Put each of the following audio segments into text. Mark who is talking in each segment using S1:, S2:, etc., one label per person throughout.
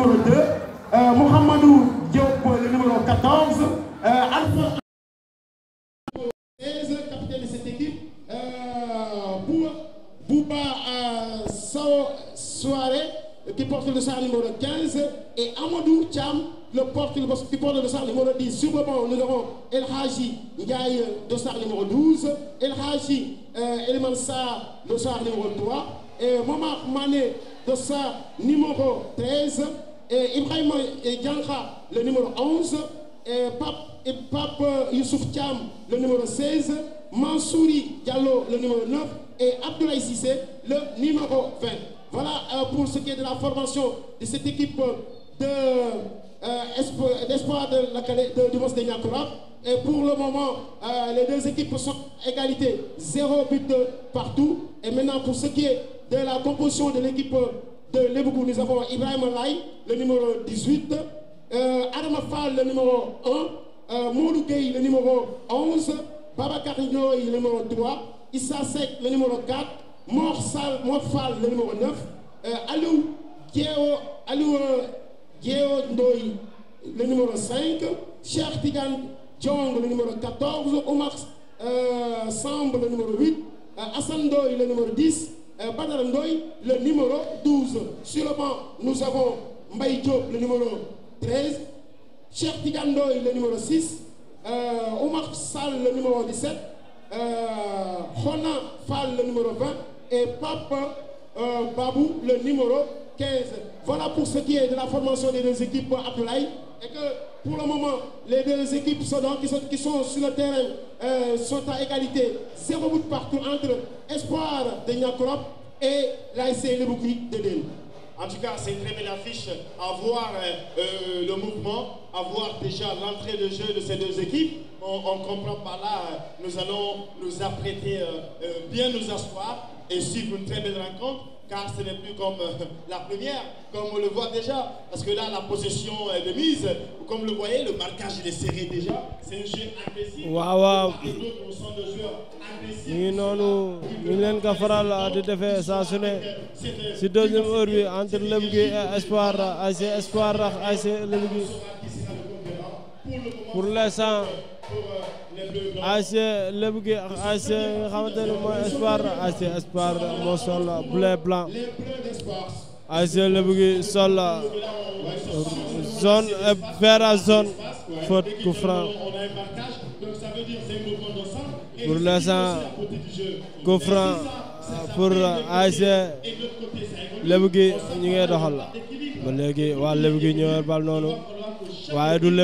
S1: numéro 2, euh, Mohamedou Diop, le numéro 14, euh, Alpha capitaine de cette équipe, euh, Bouba Bouba Soare, qui porte le sort numéro 15, et Amadou Cham, le porte, qui porte le sort numéro 10. Sur le banc, nous avons El Haji Ndiaye, le numéro 12, El Haji El Mansa, le numéro 3, et Momar Mané, le numéro 13, Ibrahim Yanka, le numéro 11, et Pape, euh, Youssouf le numéro 16, Mansouri Diallo, le numéro 9, et Abdoulaye Sissé, le numéro 20. Voilà euh, pour ce qui est de la formation de cette équipe euh, d'espoir de, euh, de, de, de, Et pour le moment, les deux équipes sont égalité, 0 but partout. Et maintenant, pour ce qui est de la composition de l'équipe de l'Eboukou, nous avons Ibrahim Alay, le numéro 18, euh, Adama Fall, le numéro 1, euh, le numéro 11, Baba Carigno, le numéro 3, Issa Sek, le numéro 4, Morsal, Morfal, le numéro 9, Alou, Géo, Alou, le numéro 5, Cher Tigan le numéro 14, Omar euh, Samb, le numéro 8, Assandoy, le numéro 10, euh, Banarandoi, le numéro 12. Sur le banc, nous avons Mbaye le numéro 13. Cheikh Tigandoy, le numéro 6. Euh, Omar Sall, le numéro 17. Euh, le numéro 20. Et Papa euh, Babou, le numéro 15. Voilà pour ce qui est de la formation des deux équipes Abdoulaye et que pour le moment, les deux équipes sont, qui, sont, qui, sont, sur le terrain euh, sont à égalité. Zéro but partout entre Espoir de Nyakorop et l'AS Lebouki de Délé.
S2: En tout cas, c'est une très belle affiche à voir euh, euh, le mouvement, à voir déjà l'entrée de jeu de ces deux équipes. On, comprend par là, nous allons nous apprêter, bien nous asseoir et suivre une très belle rencontre car ce n'est plus comme euh, la première, comme on le voit déjà, parce que là, la possession est de mise. Comme vous le voyez, le marquage, est serré déjà. C'est un jeu agressif. Waaw waaw. ñu non, ñu leen ko faral di defee ça euh, euh, deuxième heure
S3: entre Lebougui et Espoir L'espoir Espoir ASC hein,
S2: pour l'instant
S3: Assez le gi assez le mo Espoir ASC mon sol bleu blanc ASC le gi sol
S2: zone euh, vert zone faute coup pour l'instant pour ASC le gi
S3: nous sommes doxal ba léegi bal du le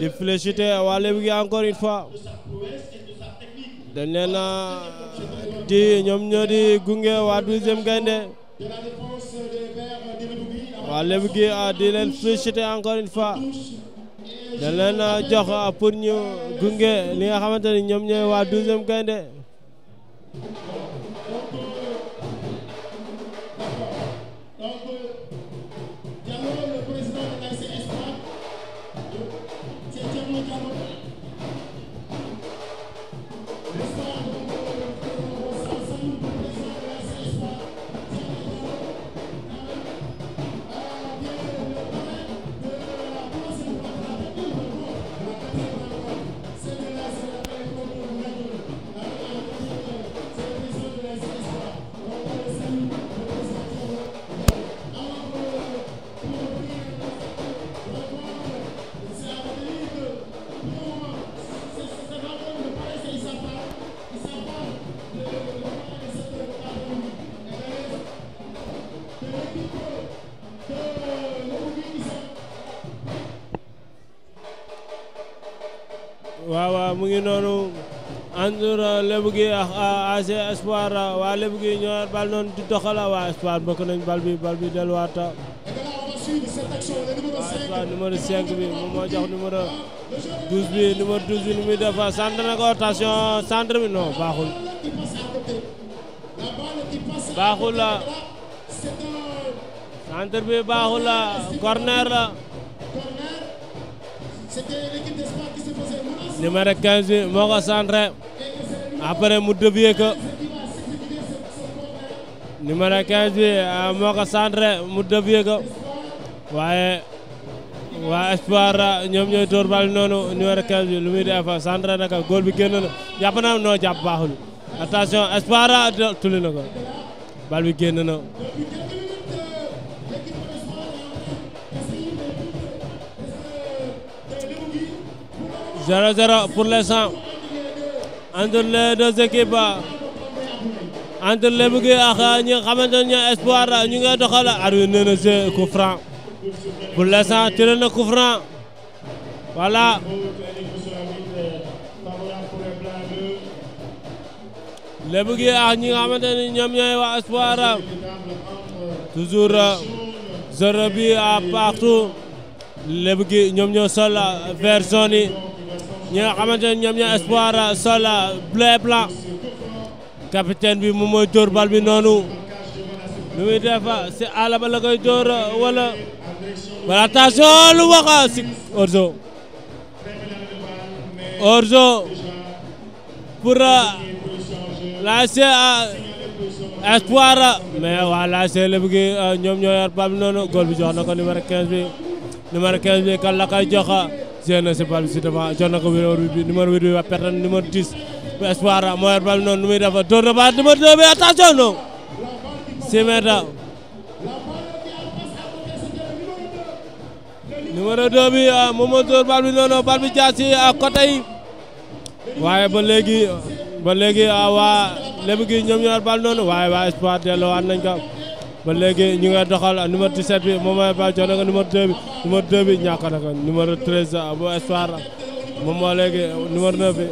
S3: di féliciter waa Lébu gi encore une fois dañ leen di ñoom ñoo di gunge waa douzième gaynde waa Lébu gi ah, di leen féliciter encore une fois dañ leen jox ah, pour ñu gunge li nga xamante ni ñoom ñooy waa douzième gaynde mu ngi noonu Andour lébu gi ak AC ah, Espoir waa lébu gi ñoo bal noonu di doxal waa Espoir mbokk nañ bal bi bal bi delluwaat waa Espoir numéro 5 bi moom moo jox numéro 12 bi numéro 12 bi nu muy def centre na ko attention centre bi non baaxul baaxul la centre bi baaxul la corner la numéro 15 bi moo ko centré après mu dévier ko numéro 15 bi euh, moo ko centré mu dévier ko waaye waa Espoir ñoom ñooy tóor bal noonu numéro 15 bi lu muy def centré na ko góol bi génn na jàpp na noo jàpp baaxul attention Espoir tulli ko bal bi génn 0-0 pour le entre les deux équipes entre Lebougui ak ñi nga xamante ne Espoir ñu doxal arbitre nee na jeu coup franc pour l'instant tiré na coup franc ñi nga xamante ne ñoom ñooy waa Espoir bi à partout Lebougui ñoom ñoo sol vert jaune ñi nga ñoom ñoo espoir sol bleu blanc capitaine bi moom mooy bal bi noonu lu muy def si àll ba la koy dóor wala lu wax si orzo orzo pour euh, lancer euh, espoir mais waa lancer lépp gi euh, ñoom ñoo bal bi noonu góol bi jox na ko numéro 15 bi numéro 15 bi kan la téye si bal bi si devant jox na ko numéro bi numéro bi waa perte numéro 10 bu espoir am mooy bal noonu nu muy def door na Simeta numéro 2 bi ah, moom moo door noonu bal bi jaar si ah, waaye ba léegi ba ah, waa lébu gi ñoom ñoo bal noonu waaye waa espoir delloo waat nañ ko. ba léegi ñu ngi doxal numéro 17 bi moom mooy ba jox na nga numéro 2 bi numéro 2 bi ñàkk na ko numéro espoir moom moo léegi numéro 9 bi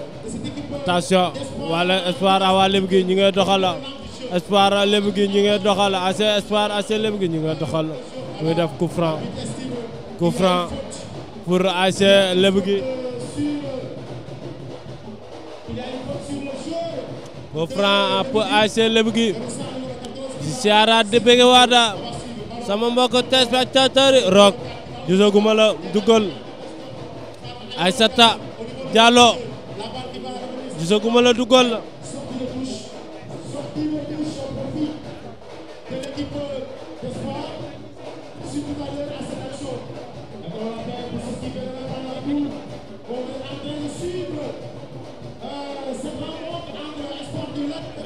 S3: espoir waa léb gi ñu espoir léb gi ñu ngi espoir AC léb gi ñu ngi doxal muy def coup franc coup di siyaaraat di bëgg waada sama mbokk téléspectateur yi roog gisaguma la dugal Aysata Diallo gisaguma la dugal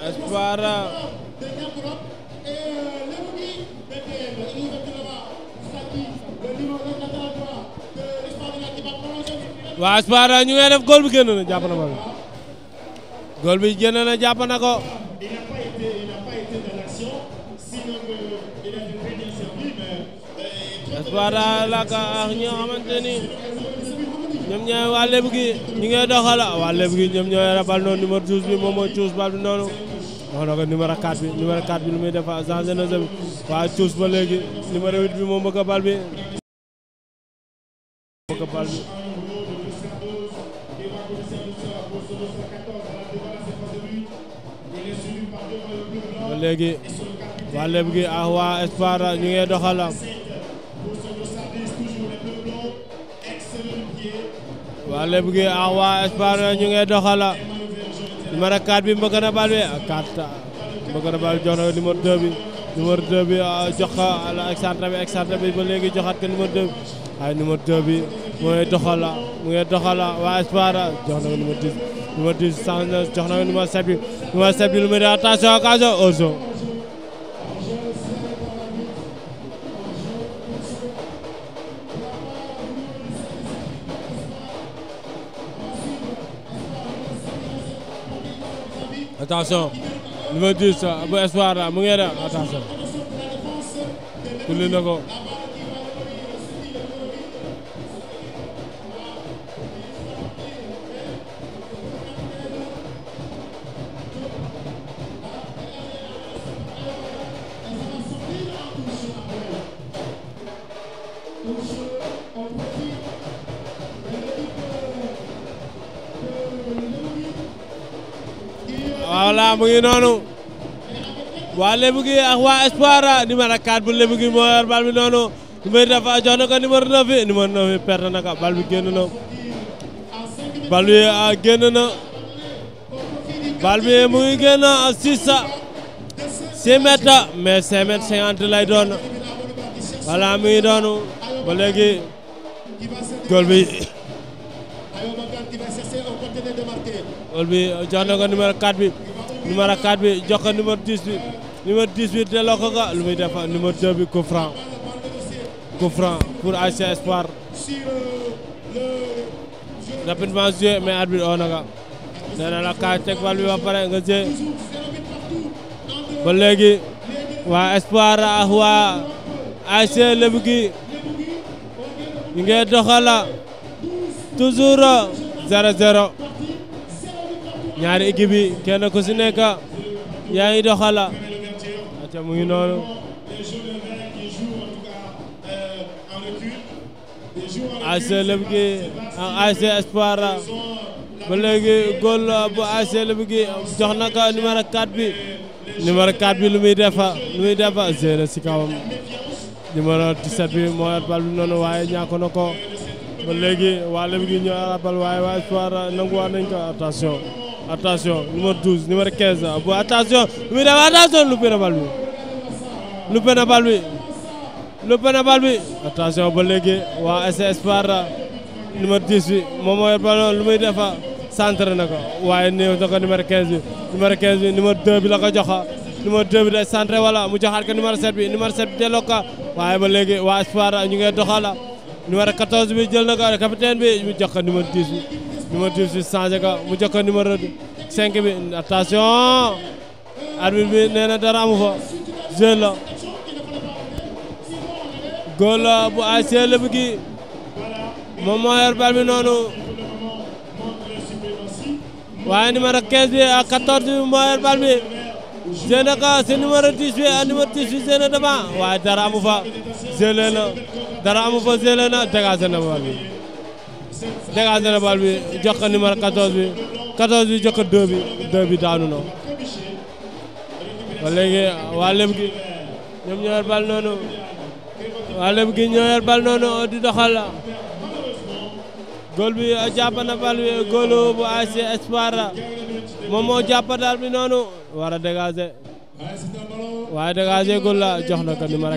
S3: Espoir waa Espoir ñu ngay def góol bi génn na jàpp na bal góol bi génn na jàpp na ko Espoir laka ak ñi nga xamante ni ñoom ñooy waa lébu gi ñu ngay doxal waa lébu gi ñoom ñooy rabal noonu numéro 12 bi moom mooy cuus bal bi noonu wax na ko numéro 4 bi numéro 4 bi lu muy defa changé na semi waa cuus ba léegi numéro 8 bi moom bëgg bal bi bëgg bal bi léegi waa Lebougui ak waa Espoir ñu ngi doxal waa Lebougui ak waa Espoir ñu ngi doxal numéro 4 bi mbëkk na bal bi 4 mbëkk na bal bi jox na numéro 2 bi numéro 2 bi ah, jox ko excentré bi excentré bi ba léegi joxaat ko numéro 2 bi ay numéro 2 bi mu ngi doxal mu ngi doxal waa Espoir jox na numéro numéro 10 jox na numéro 7 bi numéro 7 bi lu muy def espoir la mu ngi def attention Kara mu ngi noonu waa Lebu gi ak waa Espoir numéro 4 bu Lebu gi moo yor bal bi noonu dafa ah, jox na ko numéro 9 bi numéro 9 bi perte na ko bal bi génn na bal bi ah, génn na bal mu ngi génn a ah, 6 mètres mais 5 mètres 50 lay doon voilà mu ngi doonu ba léegi góol bi góol bi jox na ko bi numéro 4 bi jox ko numéro 10 bi numéro 18 delloo ko ko lu muy def numéro 2 bi coup franc coup franc pour ASC Espoir rapidement joué mais arbitre oo na la kaay teg bal bi nga joué ba léegi waa Espoir ak waa ASC Lebougui gi ñu ngi doxala toujours 0-0 ñaari équipe yi ku si nekk yaa ngi doxala aca mu ngi noonu ASC Lebougui ak ASC Espoir ba léegi góol bu ASC Lebougui jox na ko numéro 4 bi lu muy defa lu muy defa zéro si kawam numéro 17 bi moo yor noonu waaye ñàkk na ko ba léegi waa Lebougui ñoo yor bal waaye waa Espoir nanguwaat nañ ko attention attention numéro 12 numéro 15 ah, bu attention muy def attention loupé na bal bi loupé bal bi ba léegi waa SS Sparta numéro 10 bi moom mooy ballon lu muy defa centre na ko waaye néew na ko numéro 15 bi numéro 15 bi numéro 2 bi jox numéro 2 bi day centré wala mu joxaat ko numéro 7 bi numéro 7 bi delloo waaye ba léegi waa Sparta ñu ngi doxala numéro 14 bi jël na ko capitaine bi mu jox ko numéro 10 numéro 18 changé ko mu jox numéro 5 bi attention arbitre bi dara amu fa jeu la góol la bu ASC Lebougui moo yor bal noonu waaye numéro 15 bi ak 14 moo yor bal bi jeu si numéro 10 bi ak numéro 10 bi jeu na waaye dara amu fa jeu la dara amu fa jeu la dégagé na bal dégagé na bal bi jox ko numéro bi 14 bi jox ko daanu na ba léegi waa léb gi ñoom bal noonu waa léb gi ñoo bal noonu di doxal góol bi jàpp na bal bi góolu bu ASC Espoir moom moo jàpp daal bi noonu war a waaye dégagé góol la jox na ko numéro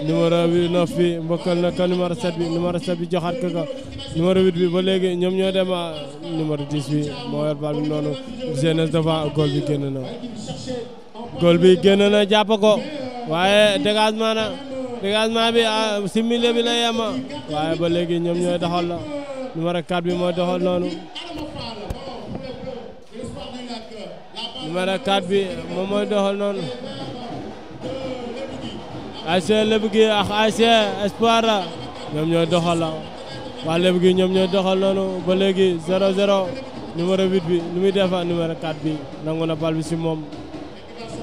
S3: numéro bi 9 fi mbokkal na ko numéro 7 bi numéro 7 bi joxaat ko ko ba léegi ñoom ñoo dem ah, numéro 10 bi moo yor bi noonu jeunesse devant goal bi génn na goal bi ko waaye dégagement na dégagement bi ah, si milieu bi la waaye ba léegi ñoom ñooy doxal la numéro 4 bi mooy doxal noonu numéro 4 mooy doxal noonu ASC Lebougui ak ASC Espoir ñoom ñooy doxal la waa Lebougui ñoom ñooy doxal noonu ba léegi 0-0 numéro 8 bi nu muy defa numéro 4 bi nangu na bal bi si moom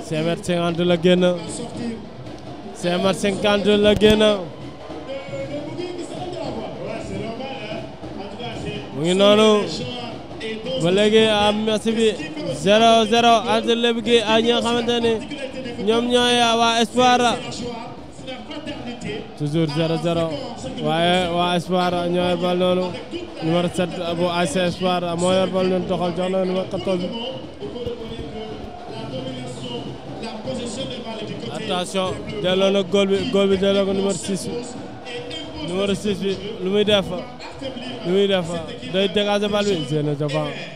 S3: 5 mètres la génn 5 mètres la génn mu ngi noonu
S2: ba léegi am match bi 0-0
S3: entre Lebougui ak ñi nga ñoom ñooy waa Espoir toujours 0-0 waaye waa Espoir ñoo yor bal noonu numéro 7 bu ASC Espoir moo yor bal noonu doxal jox na numéro 14
S2: attention delloo na góol bi góol bi delloo ko numéro 6 bi numéro 6 bi lu muy def
S3: lu muy def day dégager bal bi jéem a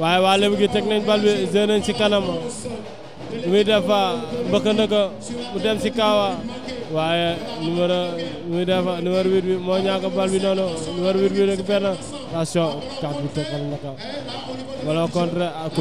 S3: waaye waa Lébu gi teg nañ bal bi jeu nañ ci kanam muy def ah, mbëkk ndëkka mu dem ci kaawa waaye numéro muy def ah, numéro 8 bi moo ñàkk bal bi noonu numéro 8 bi rek benn action 4 bi tegal na ko wala contre ak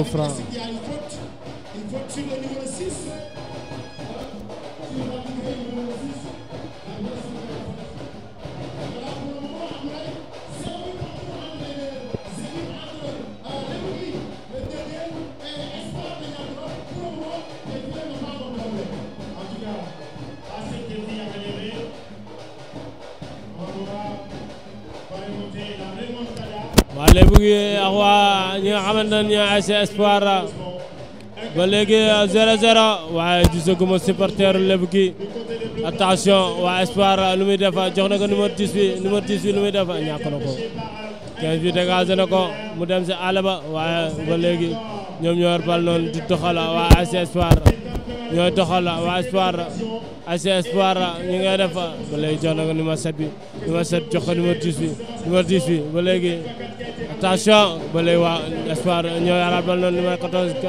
S3: léegi ak waa ñi nga xamante ne ñooy ASC Espoir ba léegi 0-0 waaye gisaguma supporter lébu gi attention waa Espoir lu muy def jox na ko numéro 10 bi numéro 10 bi lu muy def ñàkk na ko 15 bi dégagé na ko mu dem si àll ba waaye léegi ñoom ñoo bal noonu di doxal waa ASC Espoir ñooy doxal waa Espoir ASC Espoir ñu ngi def ba léegi jox na ko numéro 7 bi jox ko numéro 10 ba léegi. attention ba léegi waa espoir bi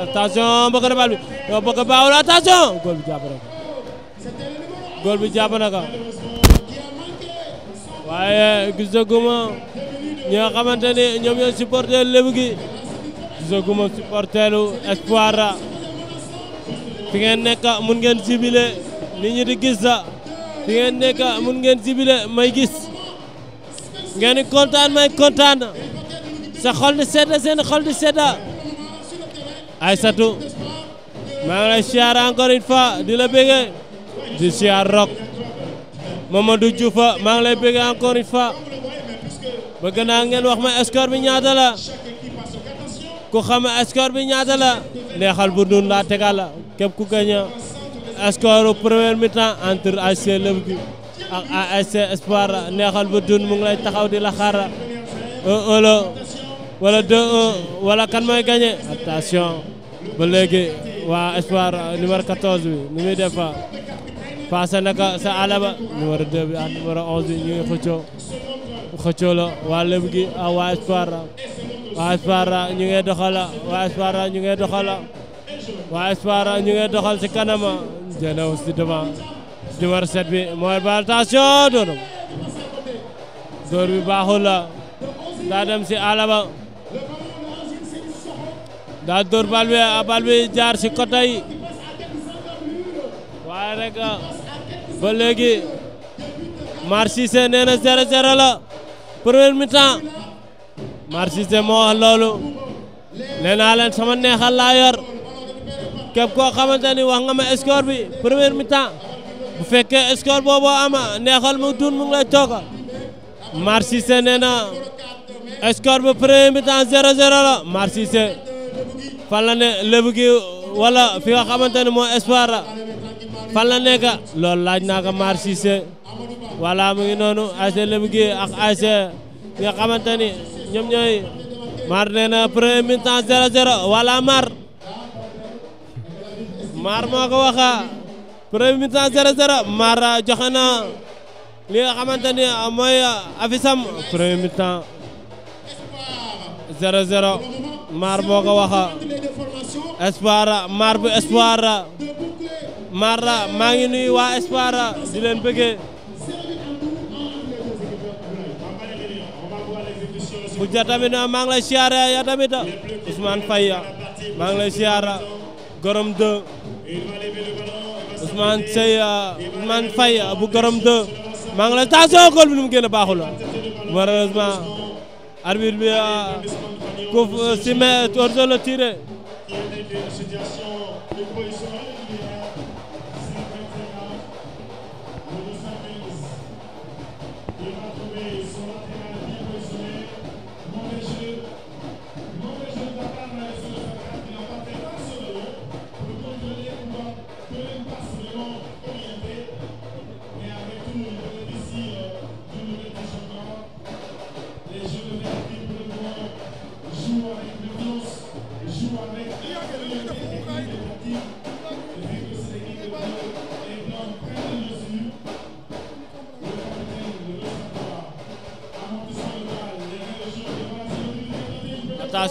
S3: bëgg a baawul attention góol bi jàpp ko góol bi jàpp na ko waaye gisaguma ñi nga ñoom ñoo supporter lébu gi gisaguma supporteru espoir la mun ngeen sibile nit ñi di gis la fi ngeen mun ngeen sibile may gis ngeen kontaan may kontaan sa xol di sedda seen xol di sedda Aisatu, maa ngi lay di la di siar Rock Mamadou Diouf maa ngi lay bëggee encore une fois bëgg naa ngeen wax ma score bi ñaata la ku xam score bi ñaata la neexal bu dun laa tegal la képp ku gaña score mi-temps entre ak Espoir neexal bu dun di la Oh, olo wala 2-1 wala kan mooy gagné attention ba léegi waa espoir numéro 14 bi ni muy def passé bi ak numéro 11 bi ñu ngi xëccoo xëccoo la waa lébu a waa espoir waa espoir ñu ngi doxal waa espoir ñu ngi waa espoir ñu ngi si kanama jëlew si devant numéro 7 bi mooy ba attention dóoram dóor bi baaxul la dem si alaba daa dóor bal bi bal bi jaar si côté yi waaye rek ba léegi Mar Cissé nee na 0-0 la premier mi-temps Mar Cissé moo wax loolu nee naa leen sama neexal laa yor képp koo xamante ni wax nga ma score bi premier mi-temps bu fekkee score boobu ama neexal mu duun mu ngi lay tooga Mar Cissé nee na score bu premier mi-temps 0-0 la Mar Cissé fan la ne lébu gi wala fi nga xamante ne moo espoir fan la nekk loolu laaj naa ko Mar Cissé wala mu ngi noonu ASC lébu gi ak ASC nga xamante ni ñoom ñooy Mar nee na premier mi-temps 0-0 moo ko wax premier mi-temps 0-0 joxe na li nga xamante ni mooy afisam premier mi-temps 0 maar boo ko waxa espoir maar bu espoir
S2: maar maa ngi nuyu waa espoir di leen bëggee bu ja tamit maa ngi lay siyaar ya tamit Ousmane Faye
S3: maa ngi la siyaar gorom 2 Ousmane Seye Ousmane Faye bu gorom 2 maa ngi lay tension gool bi nu mu génn baaxul malheureusement arbitre bi Couvre, s'y met, torse le tirer.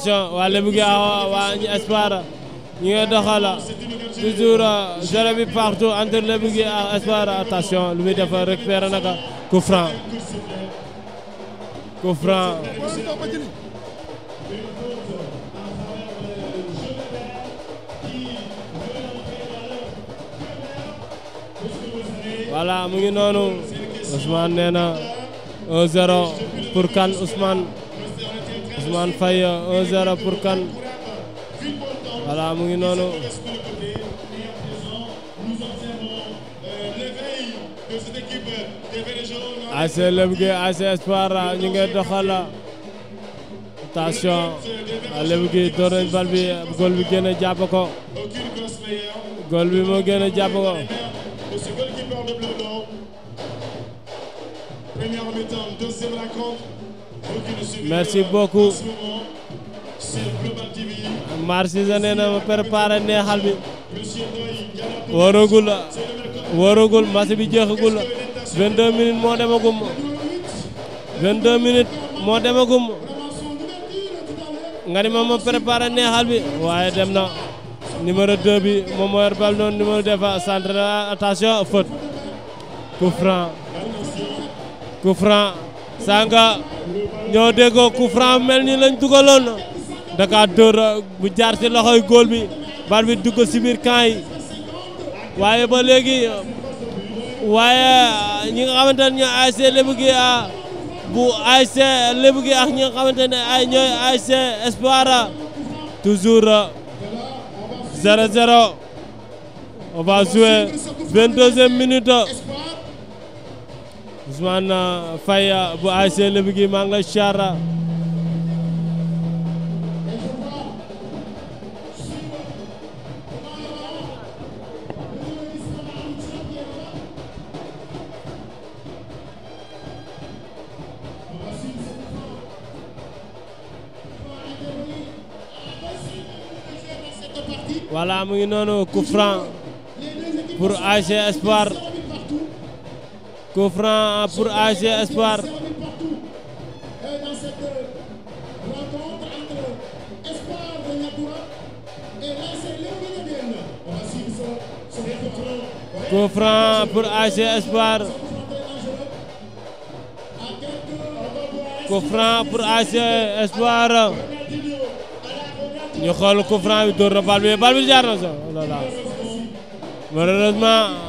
S3: génération waa Lebougui Awa wa ñi Espoir ñu ngi doxal toujours jere bi partout entre Lebougui ak Espoir attention lu muy def récupéré naka coup franc coup franc
S4: voilà mu ngi noonu
S3: Ousmane nee 1-0 pour kan Ousmane Ousmane Faye 1-0 pour kan
S2: voilà mu ngi noonu
S3: AC Lebougui AC Espoir ñu ngi doxal attention Lebougui door nañ bal bi góol bi gën a jàpp bi moo gën a merci beaucoup Marcisa nee ma préparé neexal bi waragul la waragul match bi jeexagul la 22 minutes moo demagum 22 minutes moo demagum nga ni ma ma préparé neexal bi waaye dem na numéro 2 bi moo yor bal noonu defa centre attention faute coup franc coup franc Sanga ñoo déggoo coup franc mel ni lañ dugaloon da kaa bu jaar ci loxoy góol bi bal bi dugg ci biir camp yi waaye ba léegi waaye ñi nga xamante ne ñooy ASC Lebougui gi ah, bu ASC Lebougui gi ak ñi nga xamante ay ñooy ASC Espoir ah, toujours 0-0 ah, on va jouer Ousmane Faye bu ASC lebih gi maa ngi lay siyaar voilà mu ngi coup coup franc pour ASC Espoir coup franc pour ASC Espoir coup franc pour ASC Espoir ñu xool coup franc bi dóor na bal bi bal bi jaar na sax oh malheureusement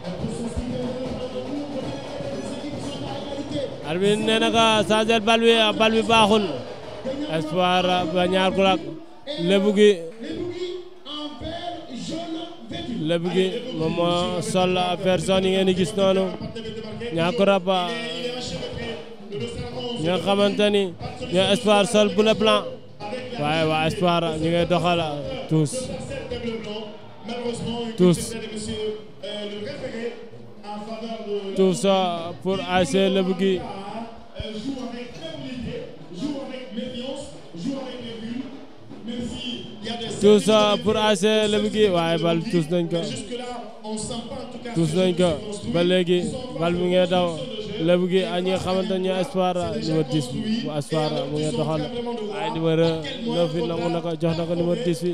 S3: arbitre nee na ko changel bal baaxul espoir ba ñaar ku lak lébu gi sol personne yi ngeen di gis noonu ñaar ku rab ñoo xamante ni ñoo espoir sol bleu blanc waaye waa espoir ñu ngi doxal tous
S2: tous tout ça
S3: pour AC Le Bougui. Joue
S2: avec crédibilité, joue avec méfiance, joue avec les bulles,
S3: même s'il y a des... Tout ça pour AC Le Bougui waaye bal tous nañ ko. tous nañ ko ba léegi bal mi ngi daw Le Bougui ak ñi nga xamante ne espoir numéro 10 bu espoir mu ngi doxal ay numéro 9 bi nangu na ko jox na ko numéro 10 bi.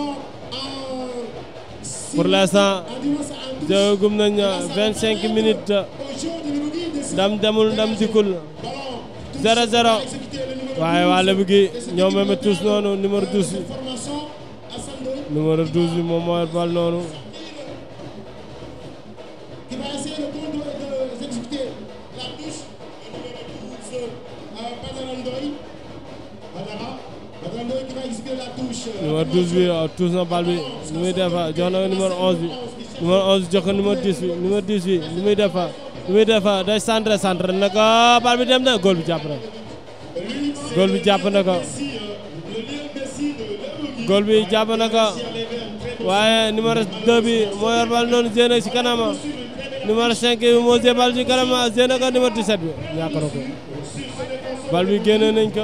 S1: Pour l'instant, jëwagum
S3: nañ 25 minutes
S1: Je suis
S3: ndam dikul 0-0
S1: waaye waa Lebu gi ñoom même tous noonu numéro 12 bi
S3: numéro 12 bi moom mooy bal noonu
S1: numéro 12 bi tuus na bal bi muy defa jox na numéro 11 bi
S3: numéro jox ko numéro 10 bi numéro defa lu defa day centre centre na ko bal dem na góol bi jàpp na góol bi jàpp na ko bi jàpp na ko waaye numéro 2 moo yor bal noonu jéena ci kanama numéro 5 moo jé bal ci kanama jéena ko numéro 17 bi ñàkk na ko
S2: bal nañ ko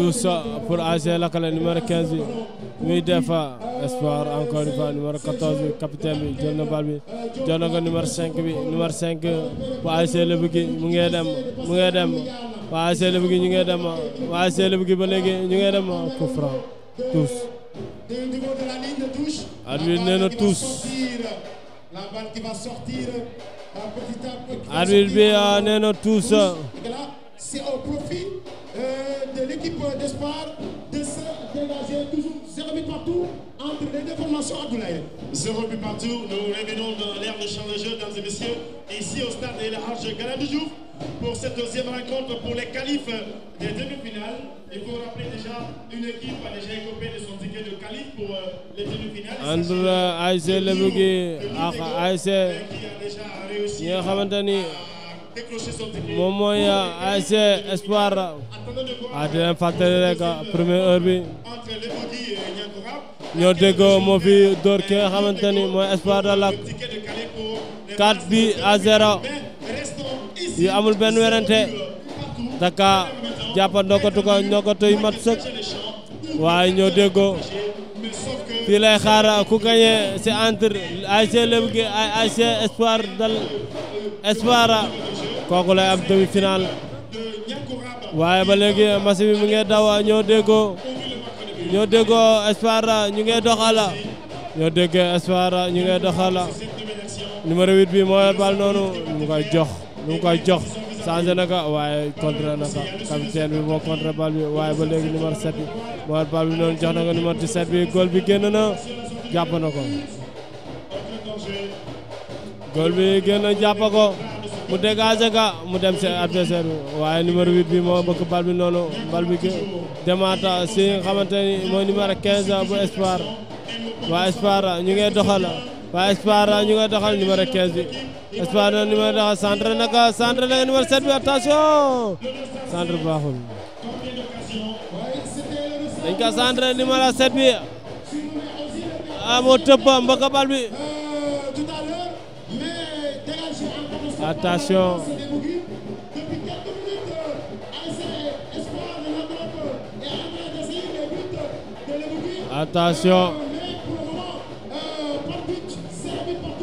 S2: tous pour AG Lakale numéro 15 bi muy def
S3: espoir encore une fois numéro 14 bi capitaine bi jël na bal bi jox na ko numéro 5 bi numéro 5 pour AG Lebougui mu ngi mu ngi dem waa AG Lebougui ñu ngi ba léegi ñu ngi dem coup franc tous
S2: Nous revenons dans l'ère de champ de jeu, mesdames et messieurs, ici au stade El du jour, pour cette deuxième rencontre pour les qualifs des demi-finales. Il faut rappeler déjà une équipe a déjà écopé de son ticket de qualif pour euh, les demi-finales. Entre Aïsé Aïsé, qui a déjà
S3: son ticket. Espoir ah, a ñoo déggoo moo fi dóor ki nga mooy Espoir de Lac 4 bi à 0
S2: amul benn werante
S3: Taka jàppandoo ko tu ko ñoo ko mat sëkk waaye ñoo déggoo fii lay ku gagné c'est entre ASC Lebougui gi ASC Espoir dal Espoir kooku lay am demi-finale waaye ba léegi match mu ngi daw ñoo déggoo ñoo déggoo espoir ñu ngi doxala ñoo déggee espoir ñu ngi doxala numéro 8 bi moo bal noonu mu koy jox mu koy jox changé na ko waaye contre na ko capitaine bi moo contre bal bi waaye ba léegi numéro 7 bi moo bal bi noonu jox na ko numéro bi góol bi génn na jàpp na ko góol bi génn jàpp ko mu dégagé mu dem si adversaire bi waaye numéro 8 bi moo bëgg bal noonu bal bi demaata si nga xamante ni mooy numéro 15 bu Espoir waa Espoir ñu ngi doxal waa Espoir ñu ngi doxal numéro 15 bi Espoir na numéro doxal centre naka centre naka numéro bi attention centre baaxul dañ ko centre numéro 7 bi ah moo tëpp mbëkk bal attention attention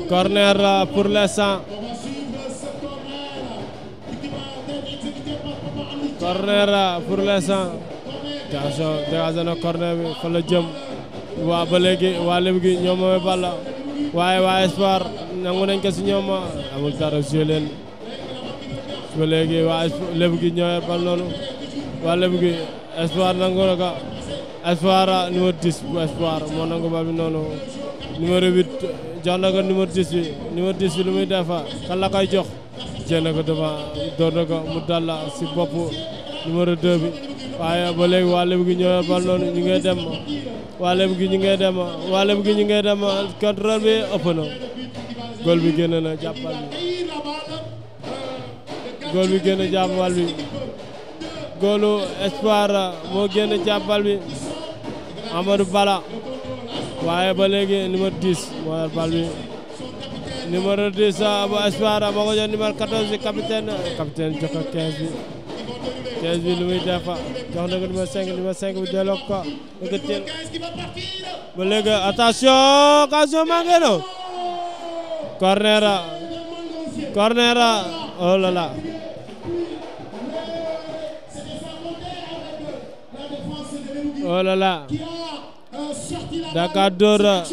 S3: corner euh, pour l'instant corner euh, pour l'instant attention dégagé na corner bi fa la jëm waa ba léegi waa léegi ñoom mooy balla waaye waa espoir nangu nañ ko si ñoom ah. amul dara joué leen waa lébu gi ñoo yor bal noonu waa lébu gi espoir nangu na ko espoir ah, numéro 10 bu espoir moo nangu bal bi noonu numéro 8 bi numéro 10 bi lu muy defa ah, kan la koy jox jël na ko mu dalla si bopp numéro 2 bi waaye ba léegi waa lébu gi bal noonu ñu ngay waa lébu gi ñu ngay dem bi ëpp gol bi génn na jappal bi gol bi génn jappal bi golu espoir mo génn jappal bi Amadou Bala waye ba legi numéro 10 moo yor bal bi numéro 10 abou espoir moo ko jox numéro 14 capitaine capitaine joko 15 bi 15 bi lu dafa jox na ko numéro 5 numéro 5 bi delloo ko ba legi attention occasion manquée corner corner oh là oh,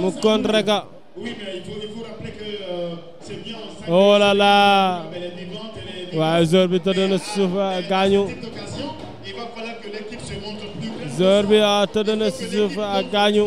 S3: mu contre ka oh waaye joueur bi tëdd na suuf gaañu joueur bi tëdd na suuf gaañu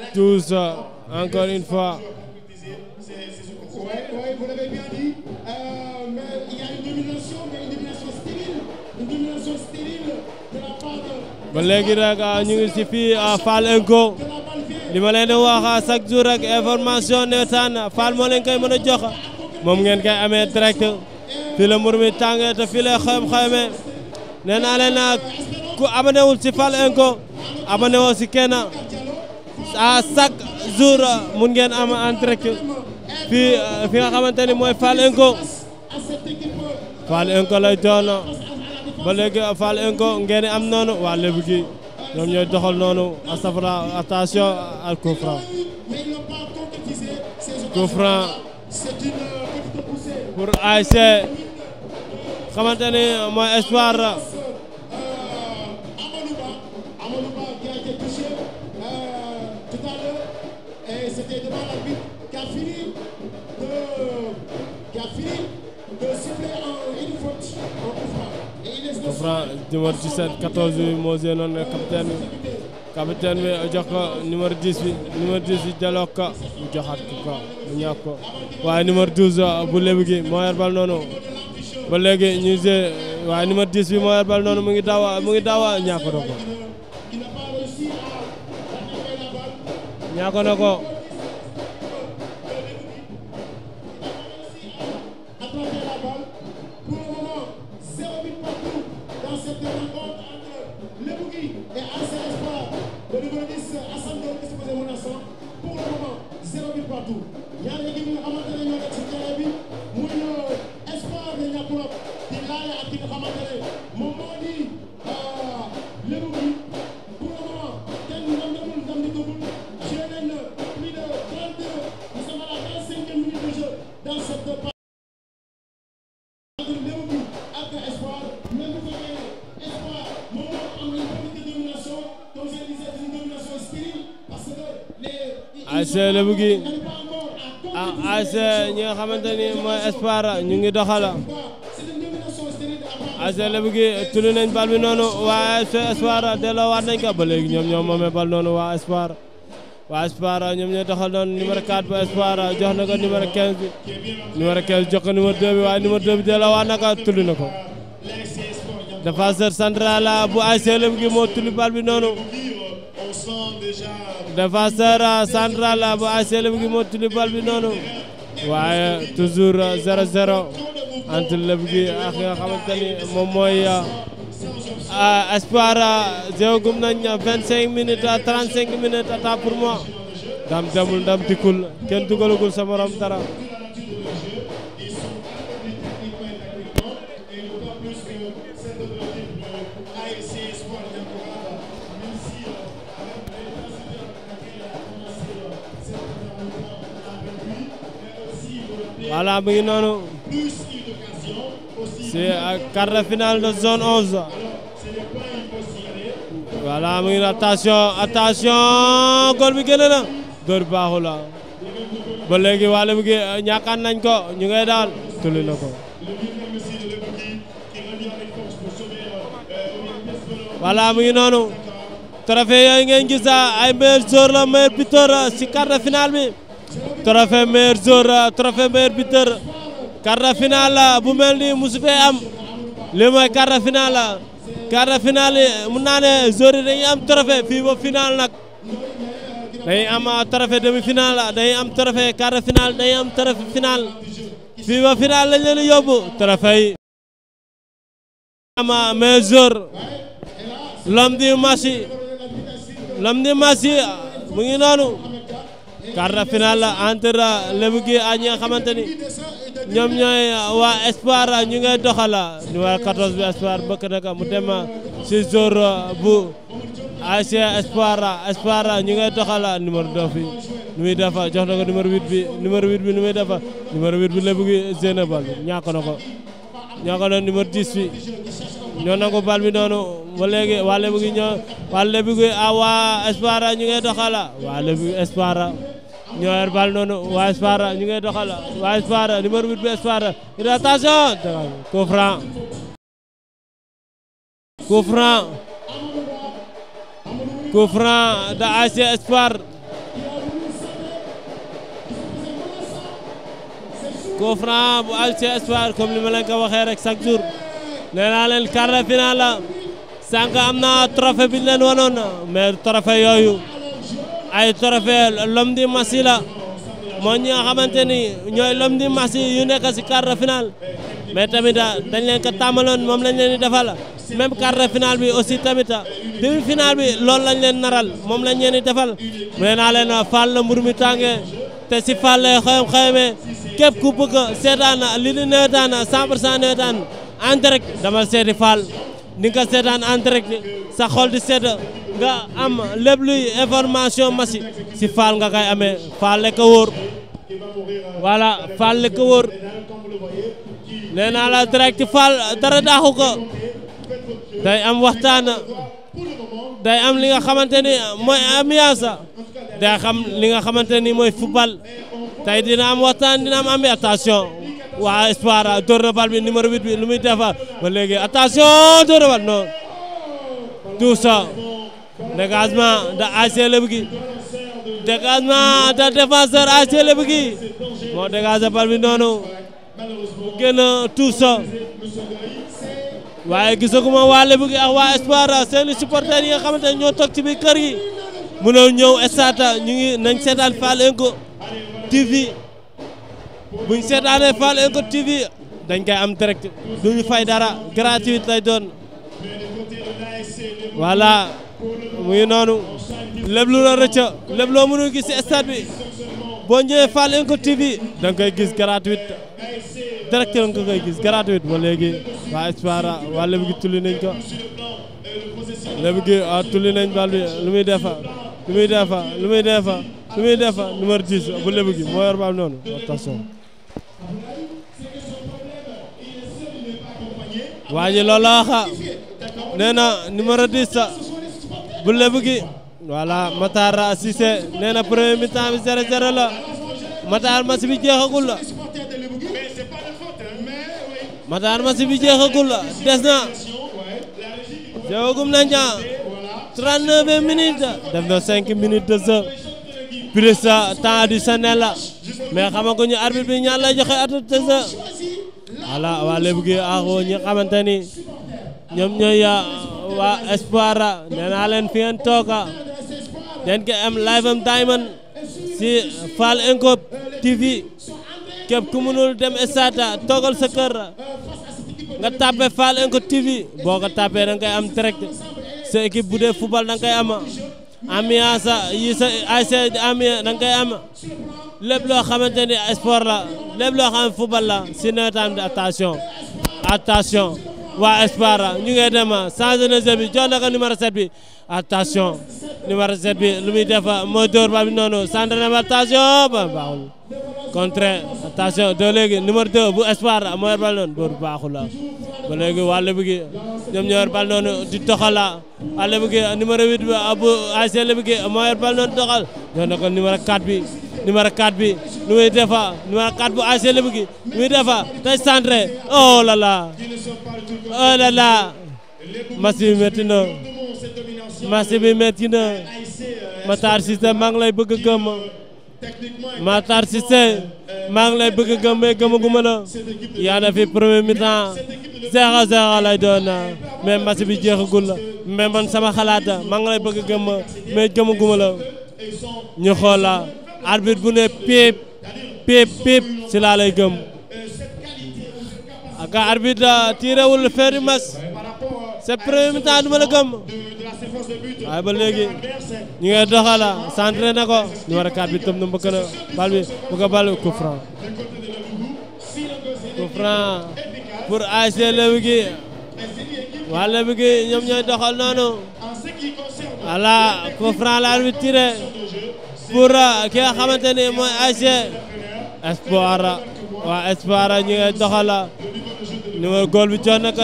S3: tous, euh, encore une fois.
S2: Oui, vous l'avez bien dit. Euh,
S1: mais il y a une domination, mais une domination stérile. Une domination stérile de la part de.
S3: ba léegi nag euh, ñu ngi si fii Fall Inco li ma leen di chaque jour rek information neetaan fal moo leen koy mën a jox ngeen kay amé direct fi le mbir mi tàngee te fii la xoyom-xoyomee nee naa leen ku abonné wul ci Fall Inco abonné woo ci kenn. à chaque jour mun ngeen am en direct fi nga xamante ni mooy Falnco Falnco lay doon ba léegi Falnco ngeen am noonu waa lébu gi ñoom ñooy doxal noonu astafra attention ak coup franc coup franc pour ASC mooy espoir a fini de siffler une faute en moo génnoon capitaine bi capitaine bi jox ko numéro 10 bi numéro 10 bi delloo ko joxaat ko mu ñàkk ko waaye numéro 12 bu lébu gi moo yor bal noonu ba léegi ñu ngi waaye numéro 10 bi moo yor noonu mu ngi dawa mu ngi ko ñàkk na ko. espoir ñu ngi doxal ASC Lebougui gi tunu nañ noonu waa espoir delloowaat nañ ko ba léegi ñoom ñoo moomee bal noonu waa espoir waa espoir ñoom ñoo doxal noonu numéro 4 bu espoir jox na ko numéro 15 bi numéro jox ko numéro 2 bi waaye numéro 2 bi delloowaat na ko tulli na bu ASC Lebougui gi moo tulli bal noonu waaye toujours zéro zéro entre lëb gi ak nga xamante ni moom mooy euh, euh, espoir jeegum euh, nañ vingt cinq minutes à trente cinq minutes à temps pour moi ndam demul ndam dikkul kenn dugalagul sa morom dara voilà mu ngi noonu
S2: c'est quart de finale de zone 11
S3: voilà mu ngi attention attention góor bi génn na góor baaxu la ba léegi nañ ko ñu ngay daal tulli ko voilà mu noonu trophée yooyu ngeen gis ay meilleur joueur la meilleur buteur si euh, quart de finale bi trophée meilleur joueur trophée meilleur buteur quart de finale bu mel ni musu fee am lii mooy quart de finale quart de finale mun naa am trophée fii ba finale nag dañuy am ah, trophée demi finale dañuy am trophée quart de finale am trophée finale fii ba finale lañ leen yóbbu trophée yi am ah, meilleur joueur l'homme du match l'homme mu ngi noonu
S4: quart de finale
S3: entre Lebougui ñi nga xamante ni ñoom ñooy waa Espoir ñu ngay doxal numéro 14 bi Espoir bëkk na mu dem si jour bu ASC Espoir Espoir ñu ngay doxal numéro 2 bi nu muy def jox na ko numéro 8 bi numéro 8 bi nu muy bi Lebougui génn bi ñàkk ko ñàkk na numéro 10 ñoo nangu bal bi noonu waa Lébugi ñoo waa Lébugi a ah, waa Espoir ñu ngi doxala waa Lébugi Espoir ñoo yor bal noonu waa Espoir ñu ngi doxala waa Espoir numéro 8 bi Espoir attention coup franc coup franc da ASC Espoir coup bu ASC Espoir comme li ma leen ko jour nee naa leen quart de la sànq am na trophée bi ñu leen wanoon mais trophée yooyu ay trophée l'homme du Massi la moo ñi nga xamante ni ñooy l'homme du Massi yu nekk si quart de finale mais tamit ah, dañ leen ko tàmmaloon moom lañ leen di defal même quart bi aussi tamita ah, demi finale bi loolu lañ leen naral moom lañ leen di defal mais naa la ah, mbur mi tàngee te si fàll lay xoyam xoyamee képp ku bëgg seetaan li di nawetaan 100 pour antrek damal demal fal ni nga seetaan antrek sa xol di sedd nga am lepp luy information masi si fal nga koy amee Fall lekk wóor voilà fal lekk wor nee naa la direct fal dara daaxu ko day am waxtaan day am li nga xamanteni moy amiasa day xam li nga xamanteni moy football tay dina am waxtaan dina am ambiance attention waa Espoir dóor na bal bi numéro 8 bi lu muy def ba léegi attention dóor na bal non tout ça dégagement de ASC Lebougui dégagement de défenseur ASC moo dégagé bal bi noonu génn tout ça waaye gisaguma waa Lebougui ak waa Espoir seeni supporters yi nga xamante ne ñoo toog ci kër gi mënoo ñëw stade ñu ngi nañ seetaan Falnco TV buñ seetaanee Fall Eco TV dañ koy am direct duñu fay dara gratuite lay doon voilà muy noonu lépp lu la rëcca lépp loo mënul gis ci stade bi boo ñëwee Fall Eco TV da nga koy gis gratuite direct la nga koy gis gratuite ba léegi waa Espoir waa lépp gi tulli nañ ko lépp gi ah, tulli nañ bal bi lu muy defa lu muy defa lu muy defa lu muy defa numéro 10 bu lépp gi moo yor baal noonu waa ji loolu la xa nee na numéro 10 bu lebu gi voilà Matar Cissé nee na premier mi bi 0-0 la Matar match bi jeexagul la la des na jeexagum nañ ca 39 minutes ta di additionnel la mais ñu arbitre bi ñaan lay joxe sa ala wa lébu gi ago ñi xamanteni ñom ñoy ñooy ya- wa espoir nee naa leen fi en toka den ke am live am diamond si fal enko TV kep ku mënul dem estata togal sa kër nga tapé fal enko TV boko tapé da nga am direct sa équipe bu dé football da nga am ambiance ah, yi sa ay sa ambiance da nga koy am lépp loo xamante ni sport la lépp loo xam football la si nawetaan bi attention attention waa Espoir ñu ngi dem ah, changé na jeu bi jox na ko numéro 7 bi attention numéro 7 bi lu muy mooy dóor bal bi noonu centre na attention ba baaxul contre attention doo léegi numéro a bu espoir moo yor noonu dóor baaxul ba léegi gi ñoom ñoo bi gi numéro 8 bi bi gi moo yor bal noonu doxal na ko numéro 4 bi numéro 4 defa numéro 4 bu ASC bi gi lu defa tey centre oh là là oh là là marché bi metti na Matar Cissé maa ngi lay bëgg a gëm Matar Cissé maa ngi lay bëgg a gëm mais gëmaguma la yaa na fi premier mi-temps zéro zéro lay doon mais match bi jeexagul la mais man sama xalaat maa ngi lay bëgg a gëm mais gëmaguma la ñu xool bu ne piip piip piip si laa lay gëm ak arbitre tiirewul fin c'est premier mi-temps du ma waaye ba léegi ñu ngay centré na ko numéro bi tëm na na bal bi bu ko bal coup franc coup franc pour
S2: waa Lebougui gi ñoom ñooy noonu
S3: voilà coup franc la arbitre tiré pour euh, ki nga ni mooy ASC Espoir waa Espoir ñu ngay doxala numéro goal bi jox na ko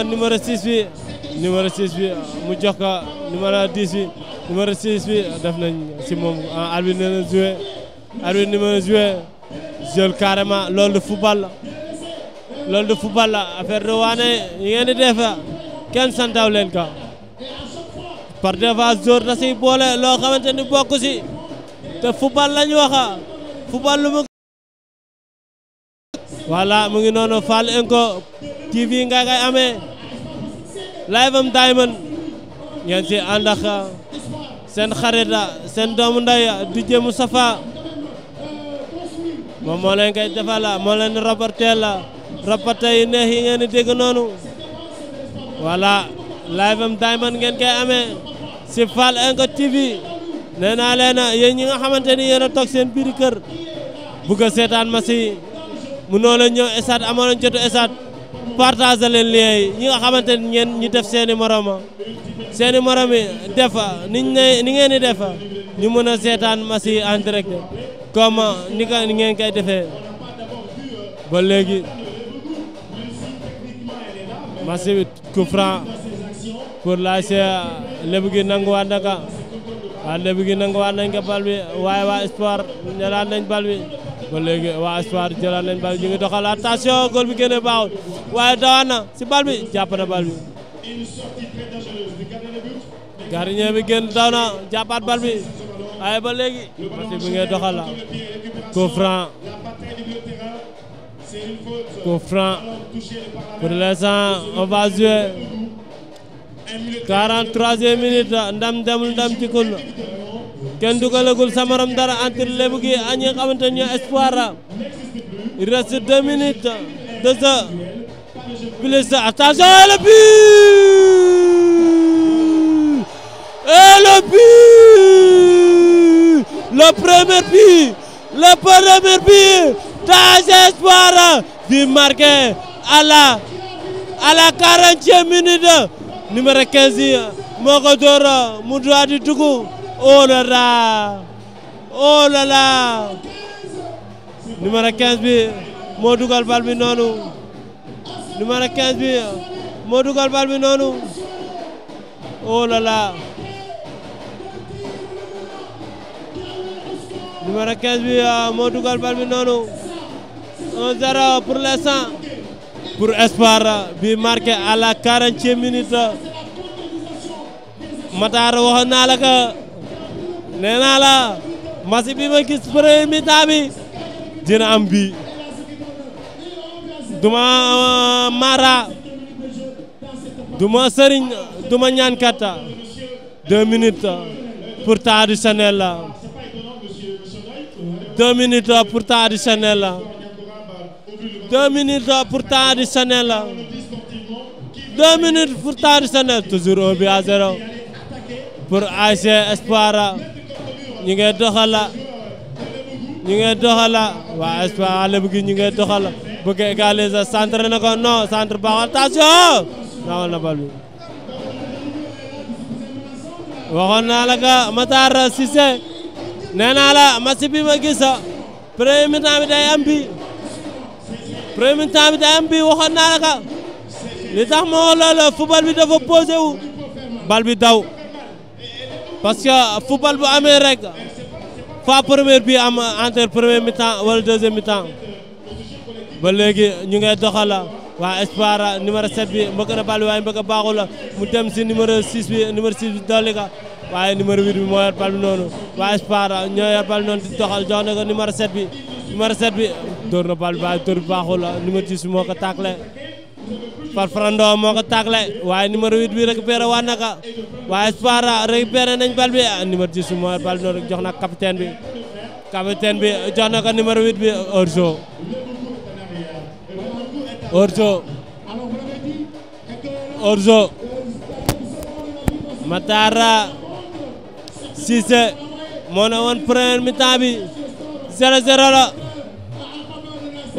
S3: numéro 6 bi mu jox ko numéro 10 bi numéro 6 bi def nañ si moom ah, arbitre nee na joué numéro joué jël carrément loolu de football la loolu de football la affaire de waane yi ngeen di def kenn santaw leen ko par des fois jour da boole loo xamante ni bokk si te football lañ waxa football lu mu voilà mu ngi noonu Fall Inco TV nga koy amee live am diamond ñan ci Andaka, Sen uh, seen Sen la doomu uh, DJ Mustafa moom mo len kay defal la moo leen la rapporte yi neex yi ngeen di nonu wala live am diamond ngeen kay amé si Fall Inco TV neena leena leen uh, ñi nga xamanteni ni yéen a toog seen biir kër bëgg a seetaan ma si mënoo leen ñëw esaat amoo leen jottu estade partage leen lien yi ñi nga xamante ne ñeen ñu def seen i moroma seen i morom defa ni ni ngeen di defa ñu mën a seetaan masi en direct comme ni ko ni ngeen koy defee ba léegi masi bi coup franc pour lancer lébu gi nanguwaat na ka waaw gi nanguwaat nañ ko waaye waa sport ñalaat nañ bal ba waa Espoir jëlaat nañ bal ñu ngi doxal bi génne baaxul waaye dawaan na si bal bi jàpp na bi. gardien bi génn daw na jàppaat bal bi waaye ba léegi match bi ngay on va jouer 43e minute ndam demul ndam kenn dugalagul sa morom dara entre Lebu gi ak ñi nga xamante ne espoir il reste deux minutes de ce plus attention et le but et premier but le premier but TAS Espoir bi marqué à la à la quarantième minute numéro 15 moo mu doy di dugg. oh là là oh numéro bi moo dugal bal bi noonu numéro bi moo dugal bal bi noonu oh là numéro bi ah, moo dugal bal bi noonu
S4: 1-0 pour l'instant
S3: pour Espoir bi marqué à la 40e minute Matar waxoon naa nee naa la match bi ma gis premier mi-temps bi am bi duma euh, mara duma sëriñ duma ñaankat deux minutes euh, pour temps additionnel euh, la deux minutes pour temps additionnel la deux minutes pour temps additionnel la deux ñu ngi doxala ñu ngi doxala waa espoir ale bu gi ñu ngi doxala bëgg égaliser centre na ko non centre baax attention nawal na bal bi waxoon naa la ka Matar Cissé nee naa la match bi ma gis premier mi-temps day am bi mi-temps day am bi naa la ka li tax ma wax loolu football bi dafa posé wu bal daw parce que football bu ame rek fa première bi am entre premier mi wala deuxième mi-temps ba léegi ñu ngay doxal waa Espoir numéro 7 bi mbëkk na bal bi waaye mbëkk la mu dem si numéro 6 bi numéro 6 bi dolli ka numéro 8 bi moo yor bal noonu waa Espoir ñoo yor bal noonu di doxal jox na ko bi numéro 7 bi dóor na bal bi waaye dóor bi moo ko tàkkale Farfarandoo moo ko tàggale waaye numéro 8 bi récupéré waat na ko waaye Spara récupéré nañ bal bi ah, numéro 10 mooy bal noonu jox bi capitaine bi jox na ko bi Orso Orso Orso Matara moo ne woon premier mi bi 0-0 la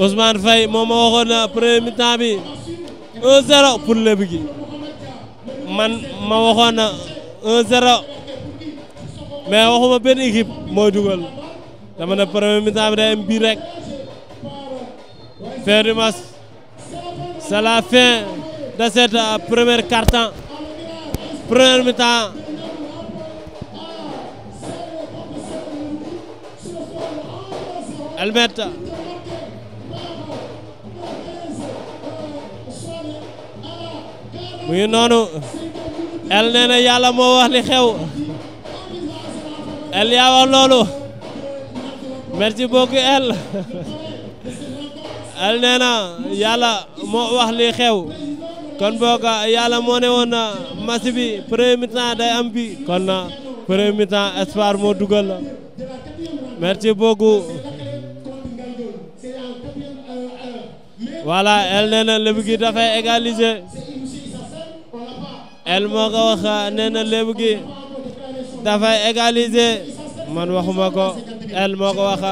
S3: Ousmane moo waxoon na premier mi bi. un zéro pour Lebougui man ma waxoon na un zéro mais waxuma benn dugal dama ne premier mi-temps bi rek fin du match c'est la fin de cette euh, premier mi-temps Almette mu ngi el nee na yàlla moo wax li xew el yaa wax loolu merci beaucoup el el nee na yàlla moo wax li xew kon boog yàlla moo ne woon match bi premier temps day am bi kon na premier temps espoir moo dugal la merci beaucoup voilà el nee na lébu dafay égaliser el moo ko wax gi dafay égaliser man waxuma ko el moo ko wax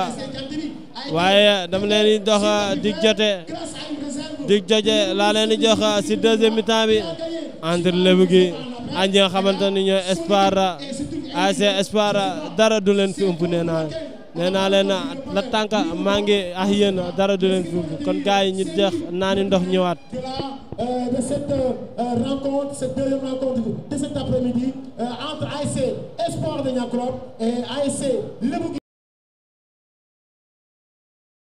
S3: waaye dama leen di dig jote dig jote laa leen di jox si deuxième mi-temps entre lébu gi ak ñi nga xamante ni ñooy espoir dara du leen fi ump nee nee naa leen la tànk maa ngi ak ah yéen dara du leen suuf kon gars yi ñu jeex naani ndox ñëwaat.
S1: Euh, de cette euh, rencontre cette deuxième rencontre de cet après-midi euh,
S4: entre ASC